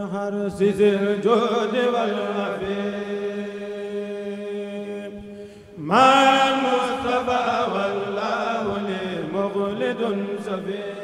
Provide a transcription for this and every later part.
حرسز الجود والعفيف مع المصطفى والله لي مغلد سفيف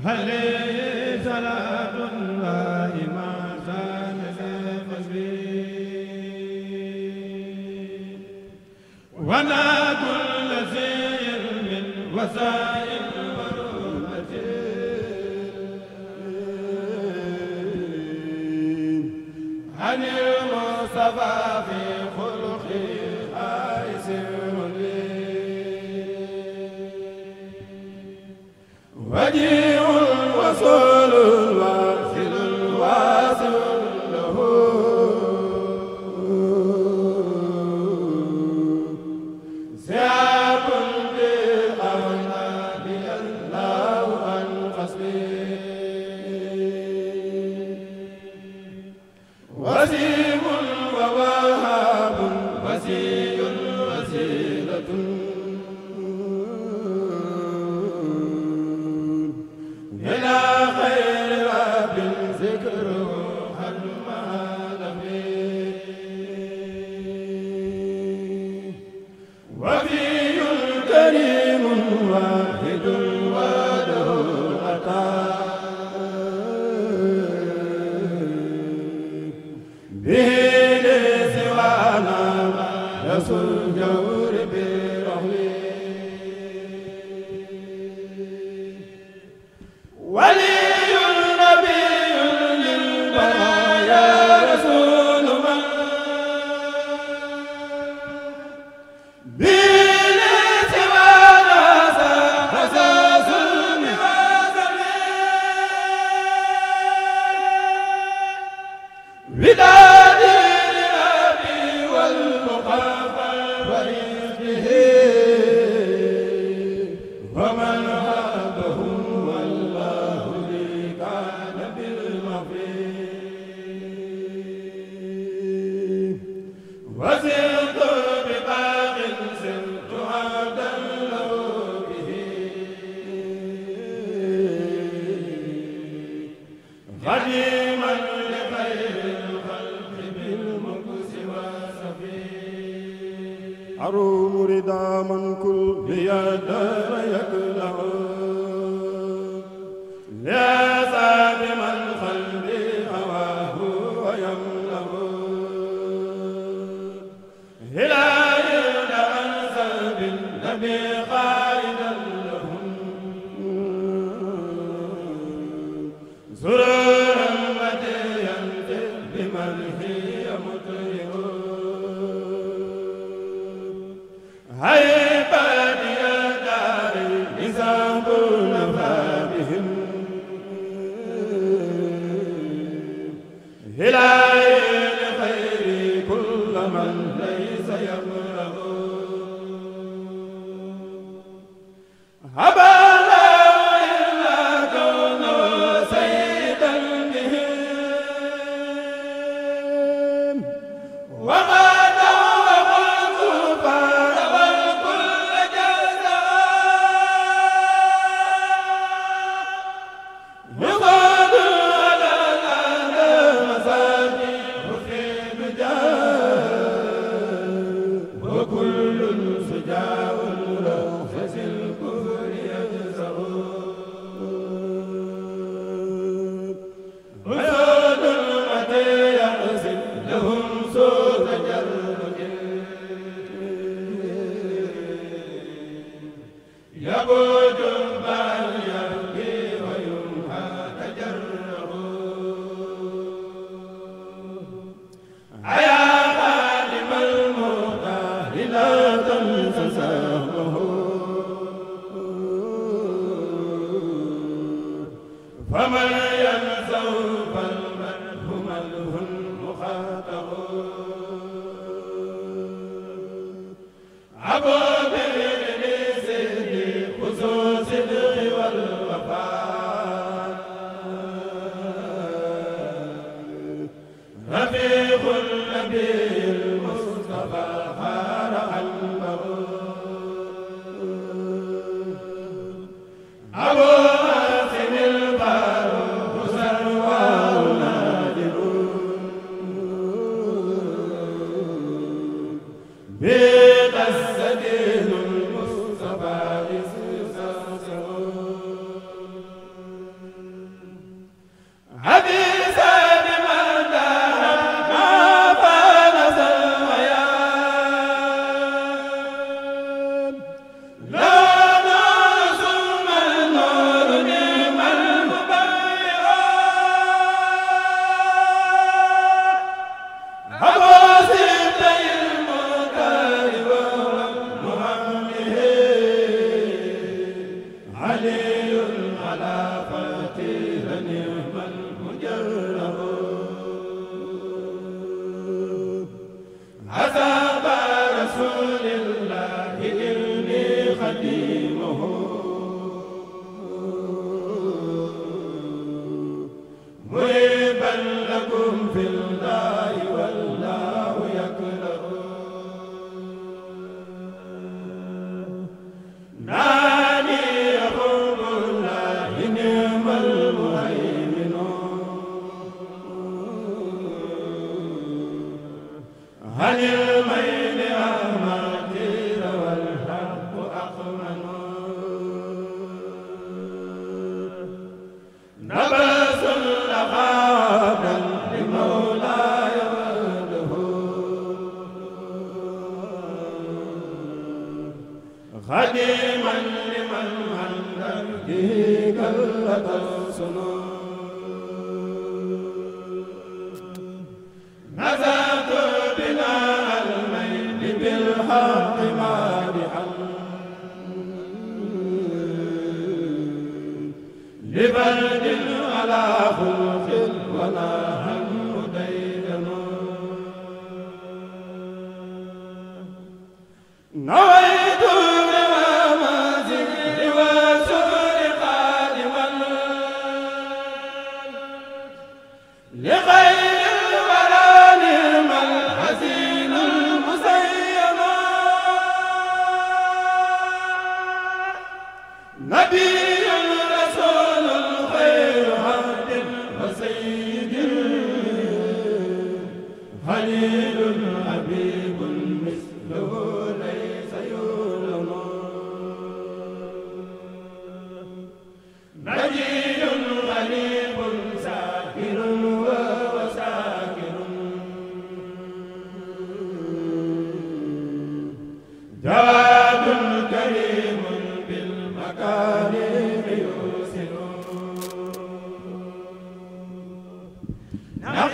wana kullu shay'in min wasa ya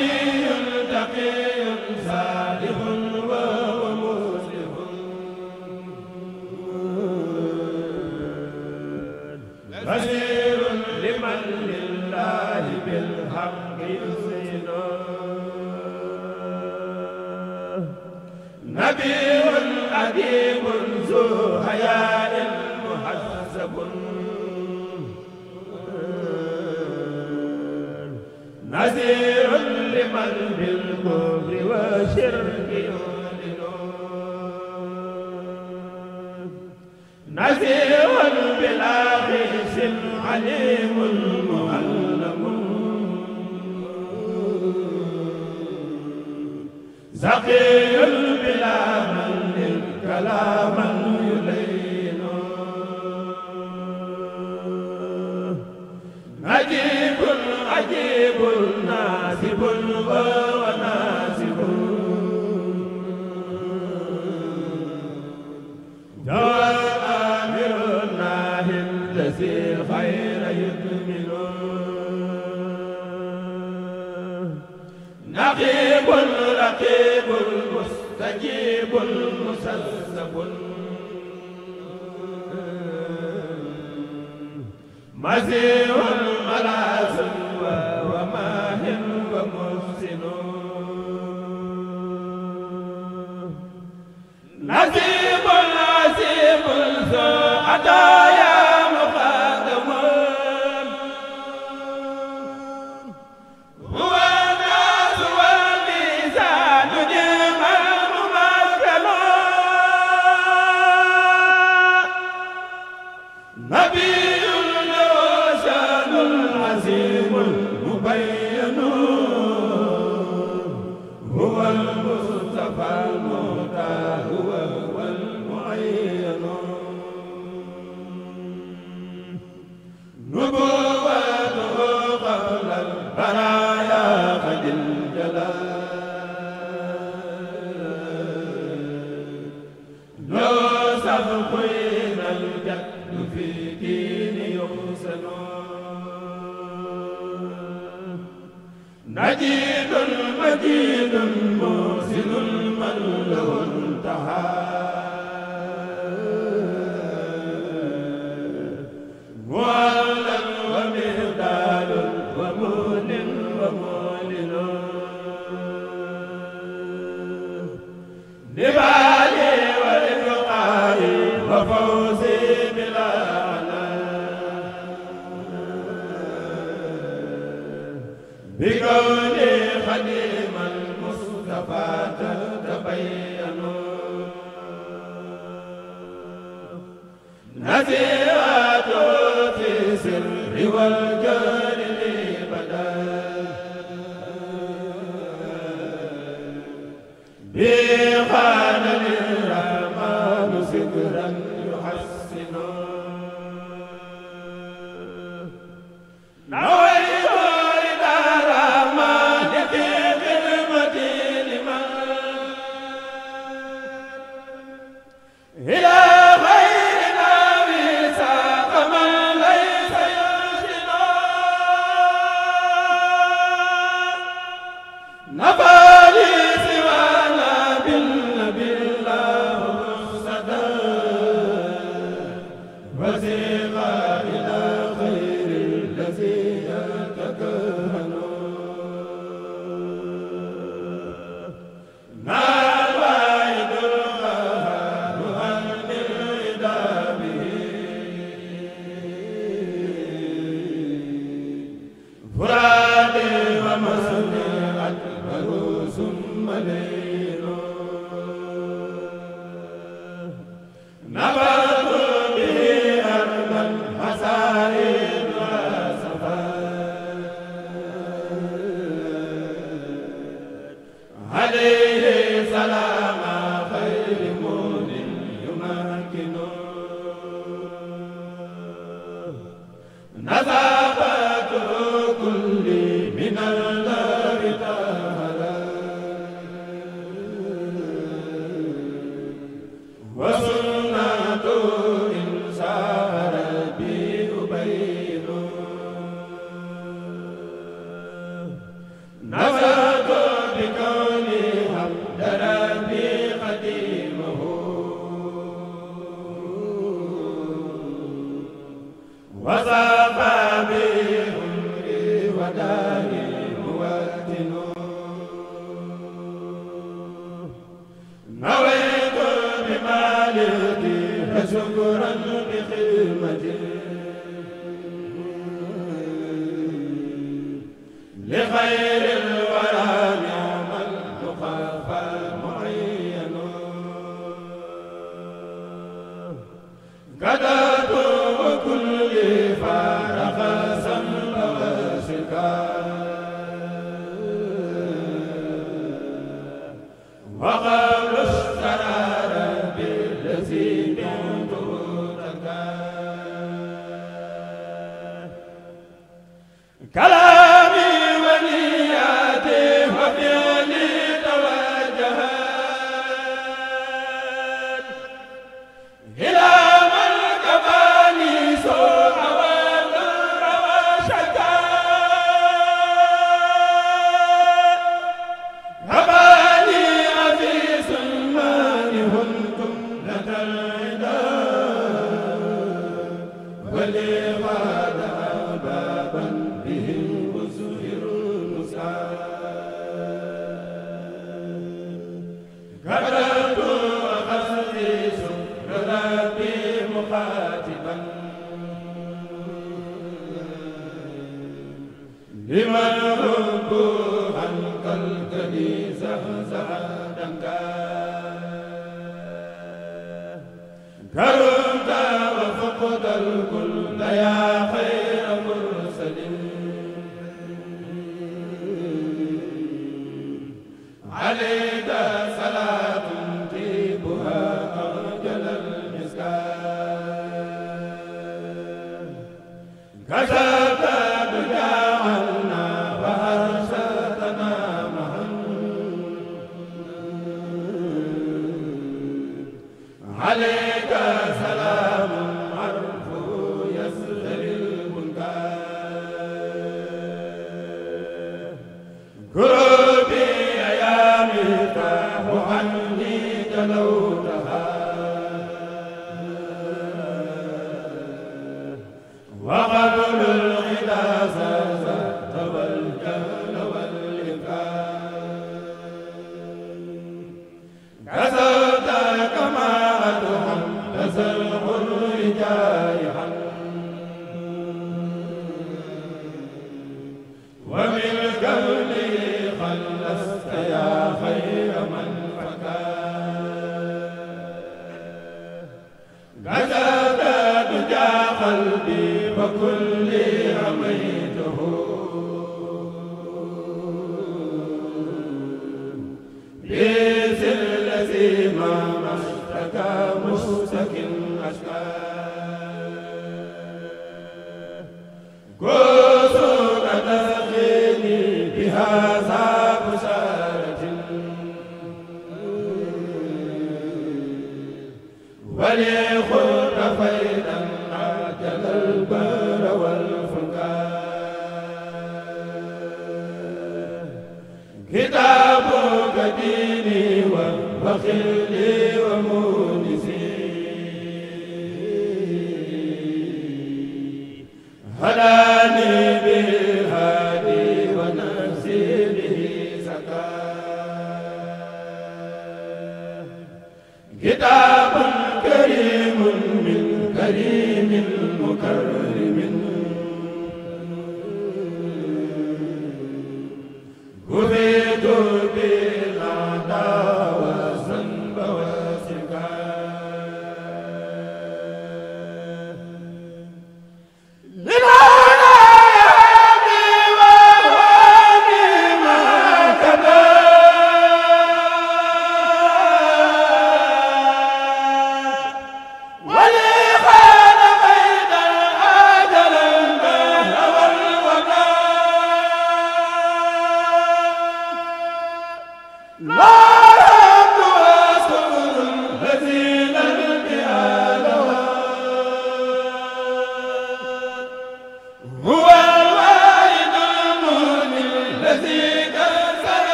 Amen. bay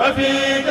وفي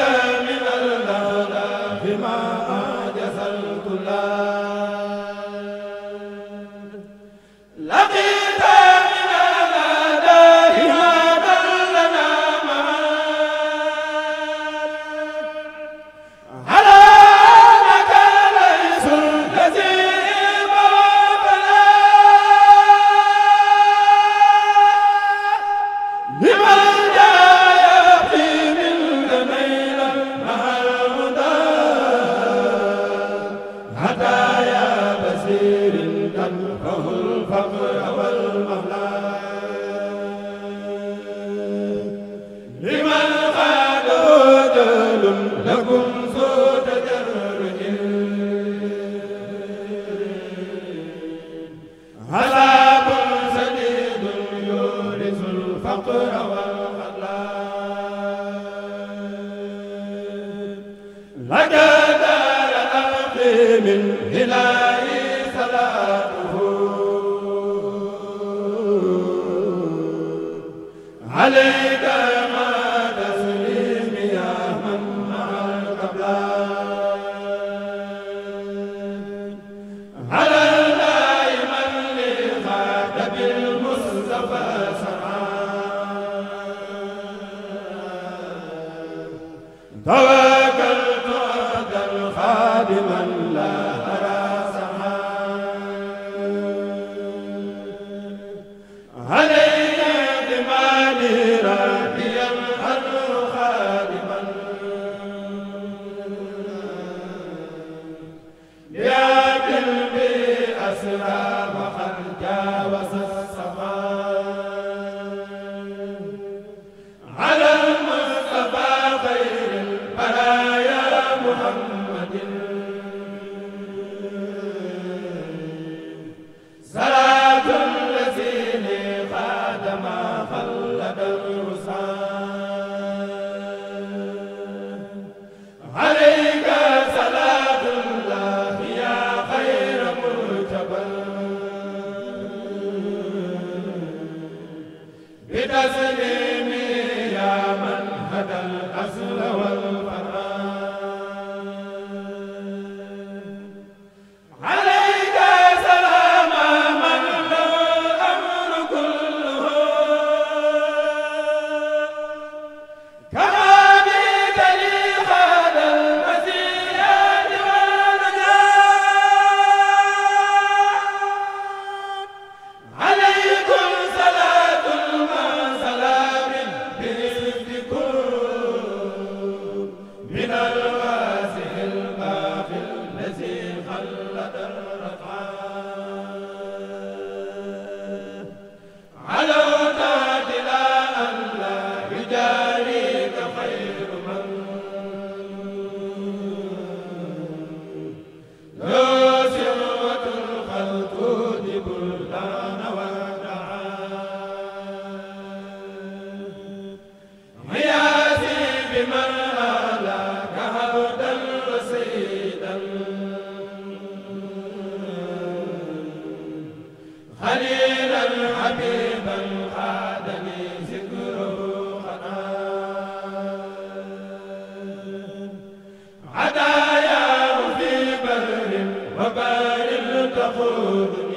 يقول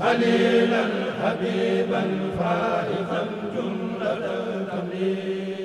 خليلا حبيبا فائقا جملة تمليك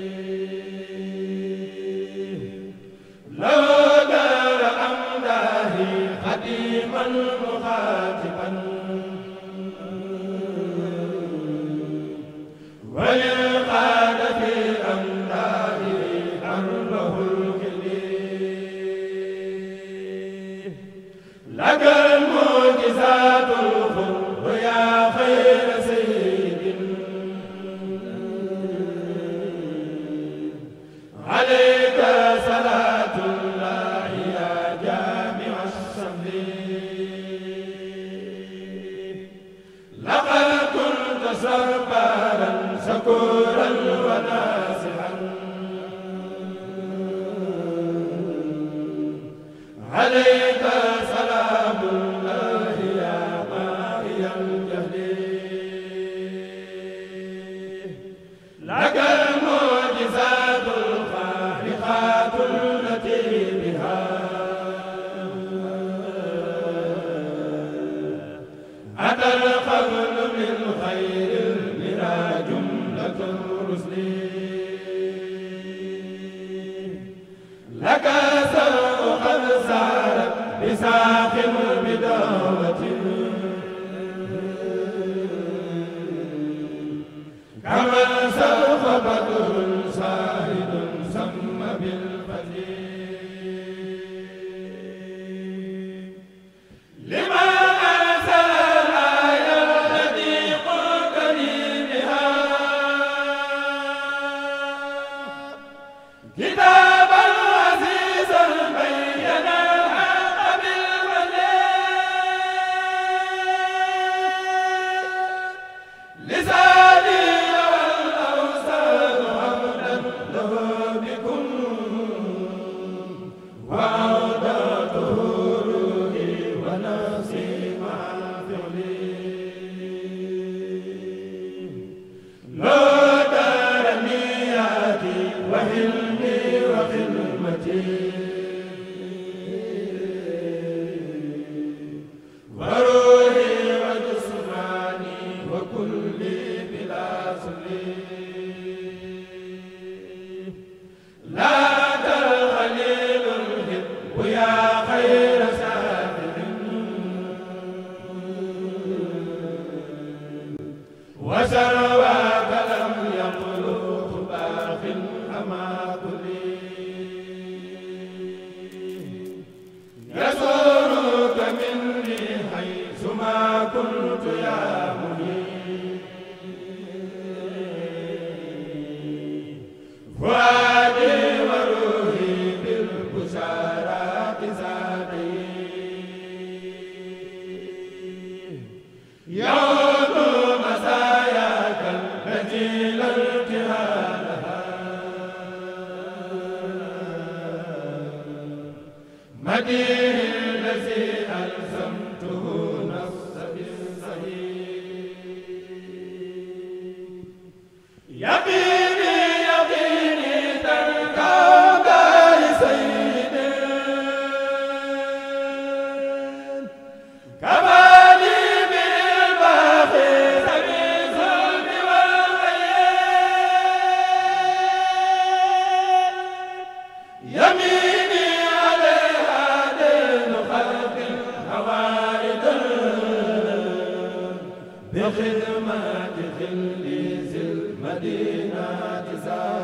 Madina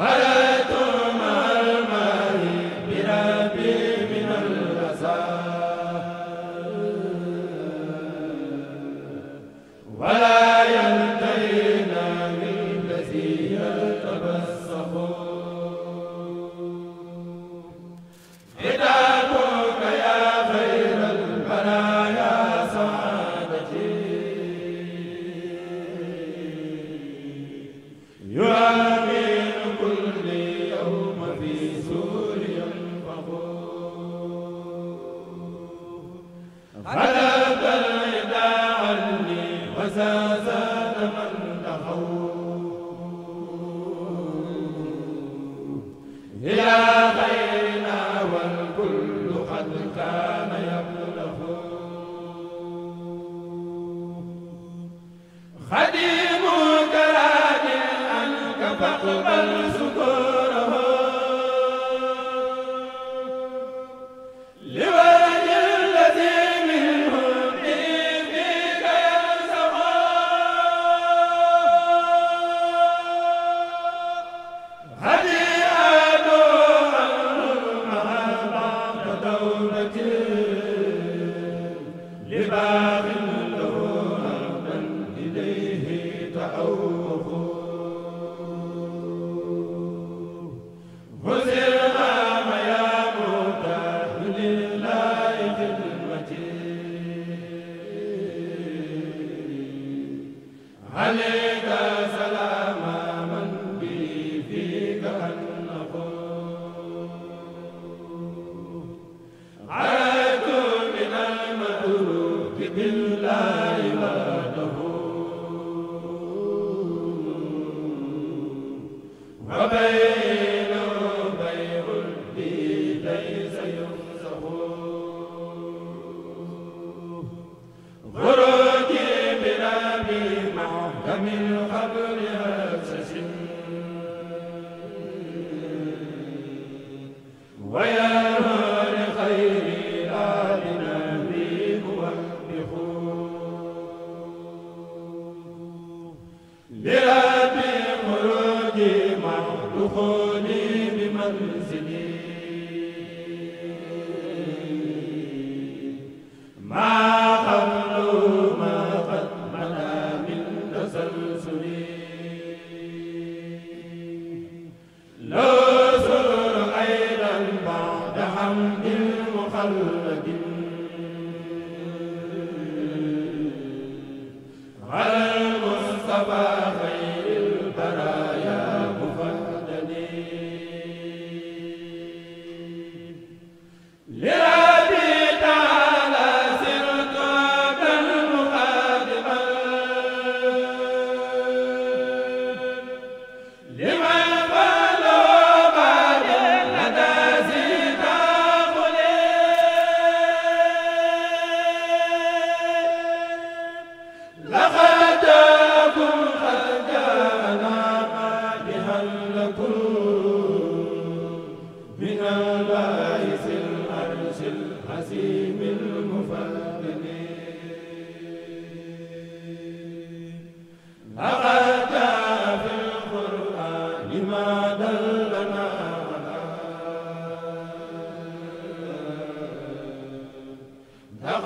ma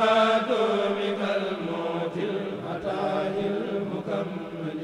الفؤاد من الموت العتاه المكمل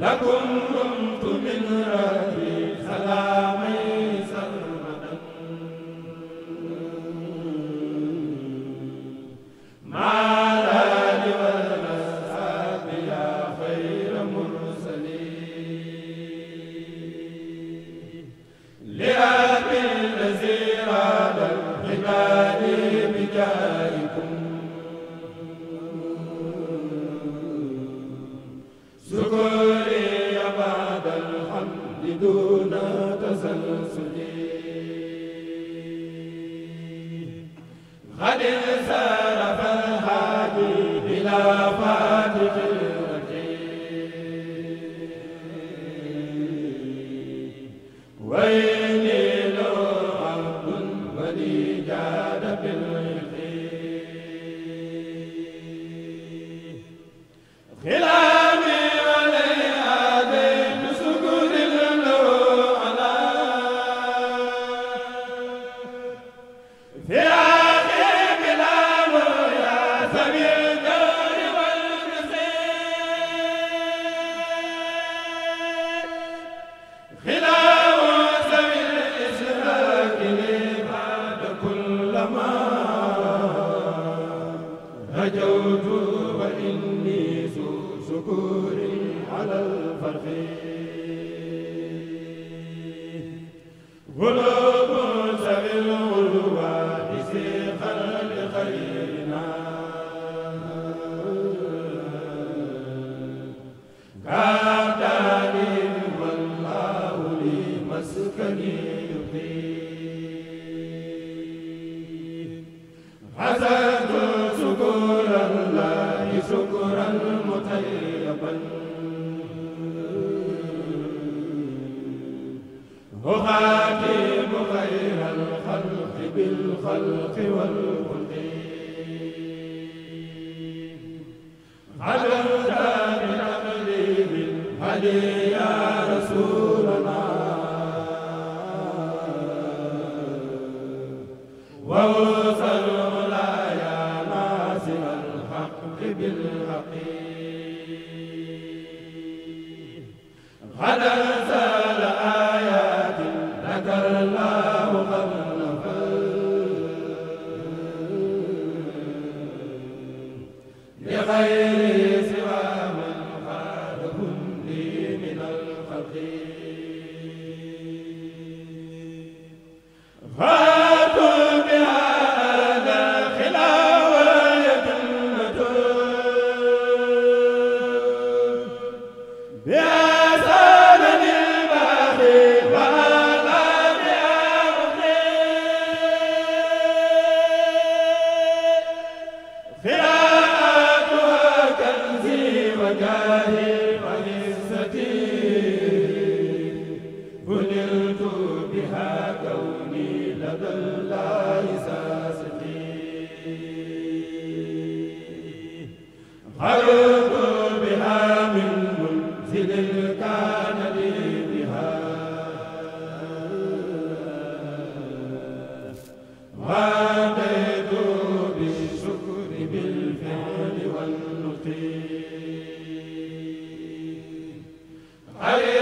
lakum kuntum min أخاتم خير الخلق بالخلق والخلق ale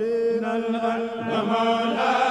المستقيم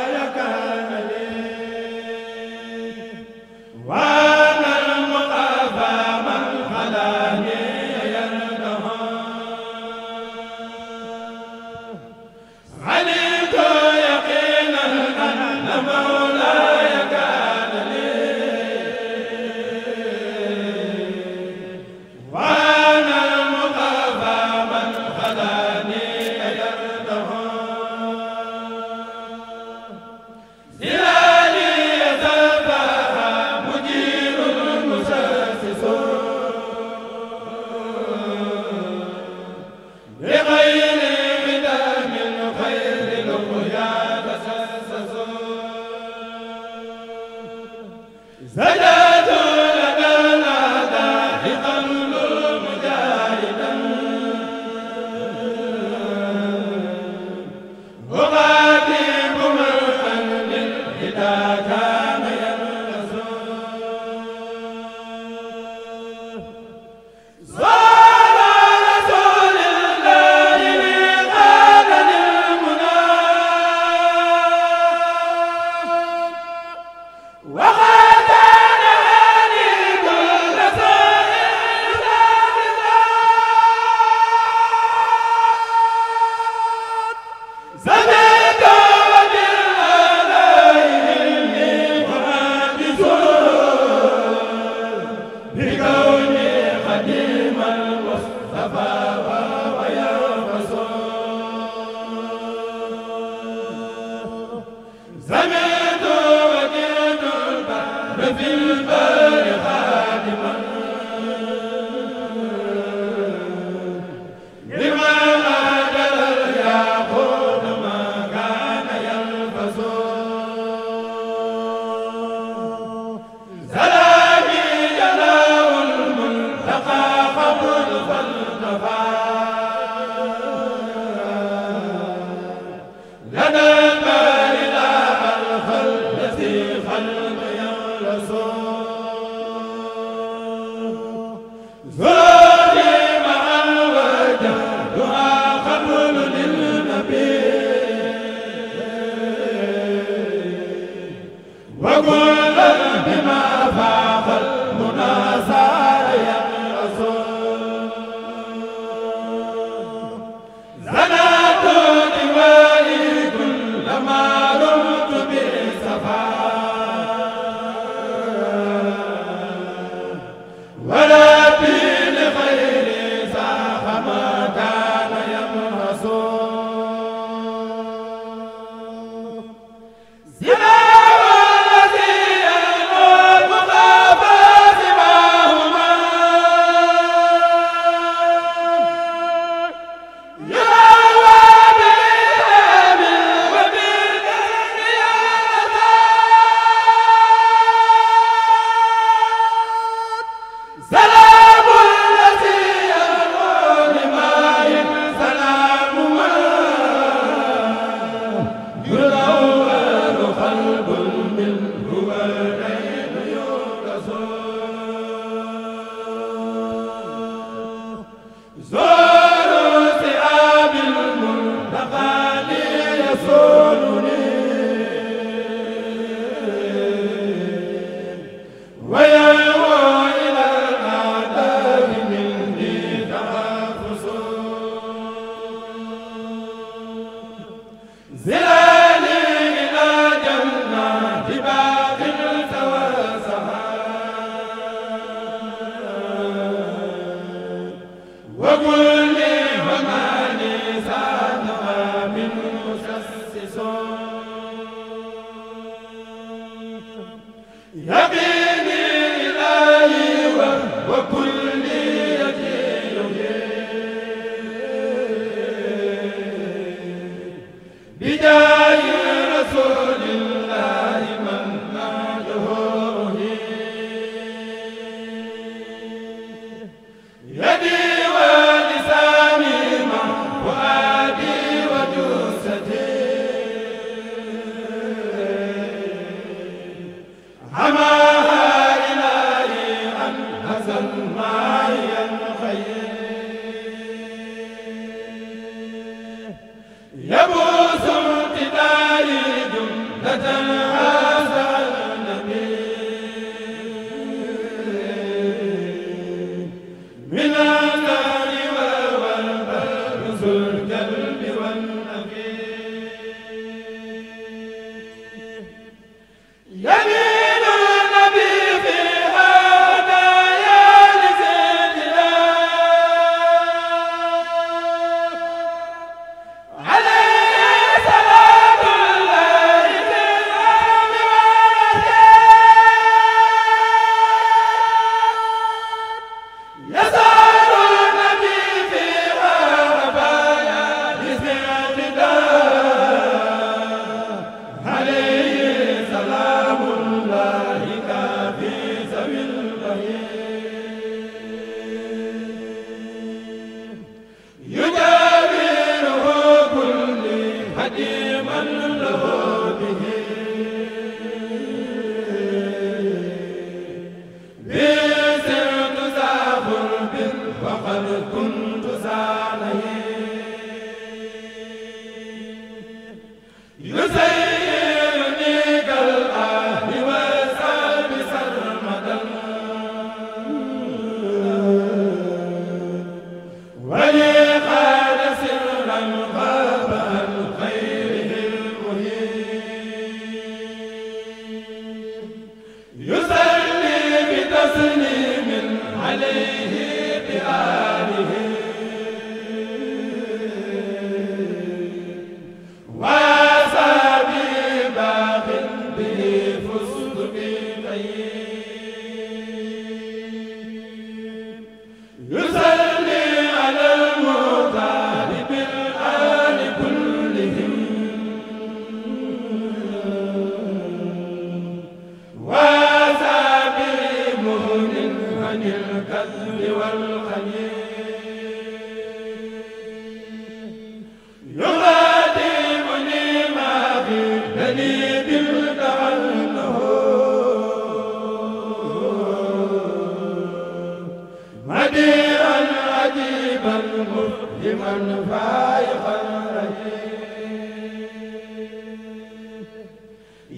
Baba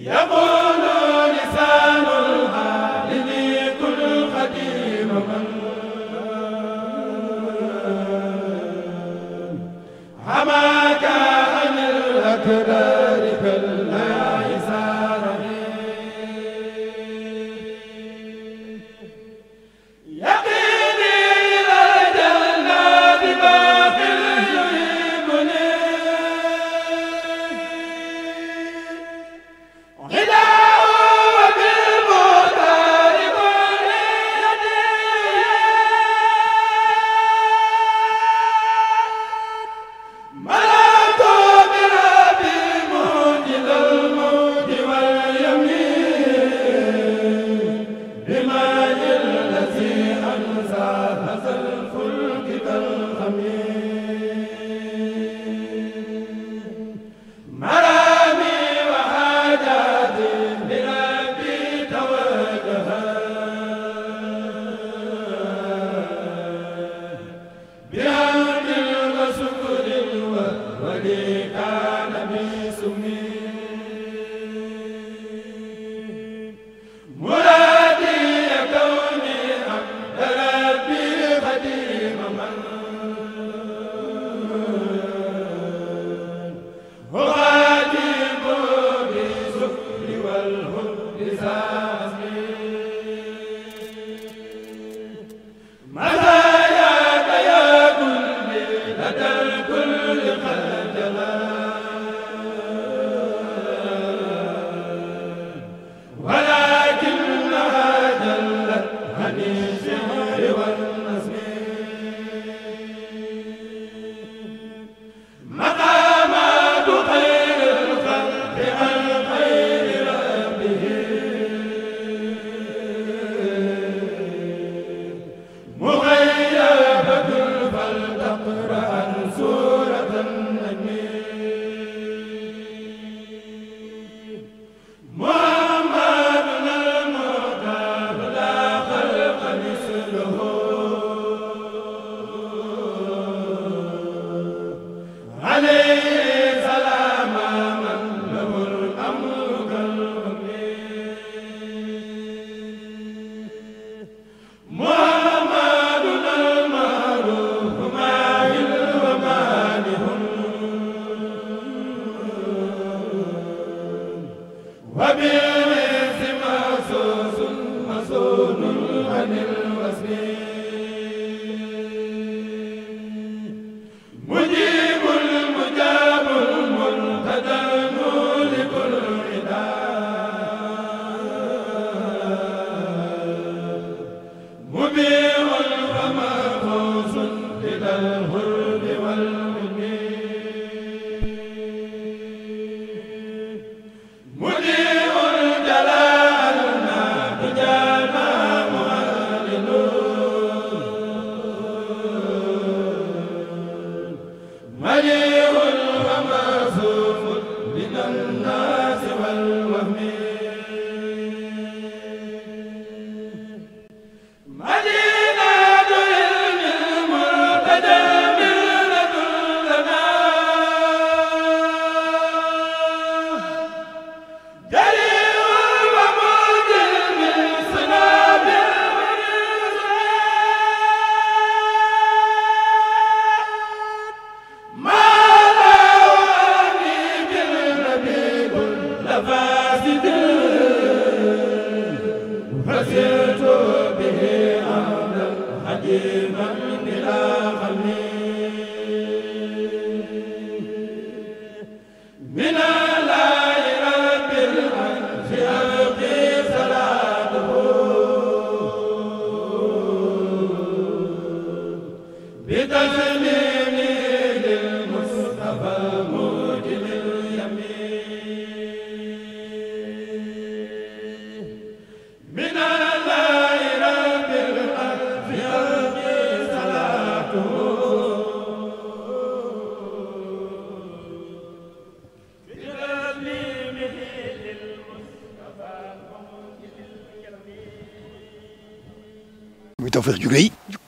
ya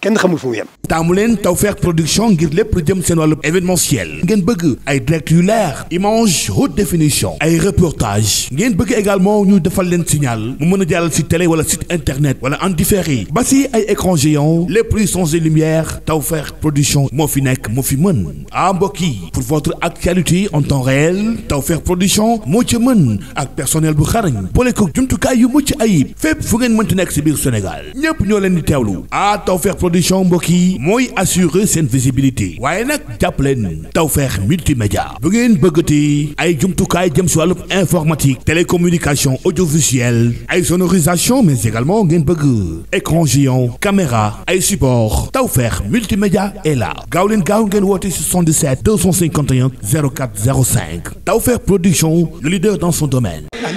kenn xamul fu mu yem taamu leen Tawfekh production ngir lépp lu jëm seen wàllu événementiel ngeen bëgg ay direct yu leer image haute définition ay reportage ngeen bëgg également ñu defal leen signal mu mën a jàllal si télé wala site internet wala en différé ba si ay écran géant lépp luy changé lumière Tawfekh production moo fi nekk moo fi mën ah mbokk yi pour votre actualité en temps réel Tawfekh Production moo ci mën ak personnel bu xarañ boole ko jumtukaay yu mucc ayib fépp fu ngeen mënti nekk si biir Sénégal ñépp ñoo leen di teewlu ah Tawfekh Production mbokk yi mooy assurer seen visibilité waaye nag jàpp leen Tawfekh multimédia bu ngeen bëggati ay jumtukaay jëm si wàllu informatique télécommunication audiovisuelle ay sonorisation mais également ngeen bëgg écran géant caméra ay support Tawfekh multimédia est là gaaw leen gaaw ngeen woote 77 250 851 04 05 Tawfekh Production le leader dans son domaine. Ah,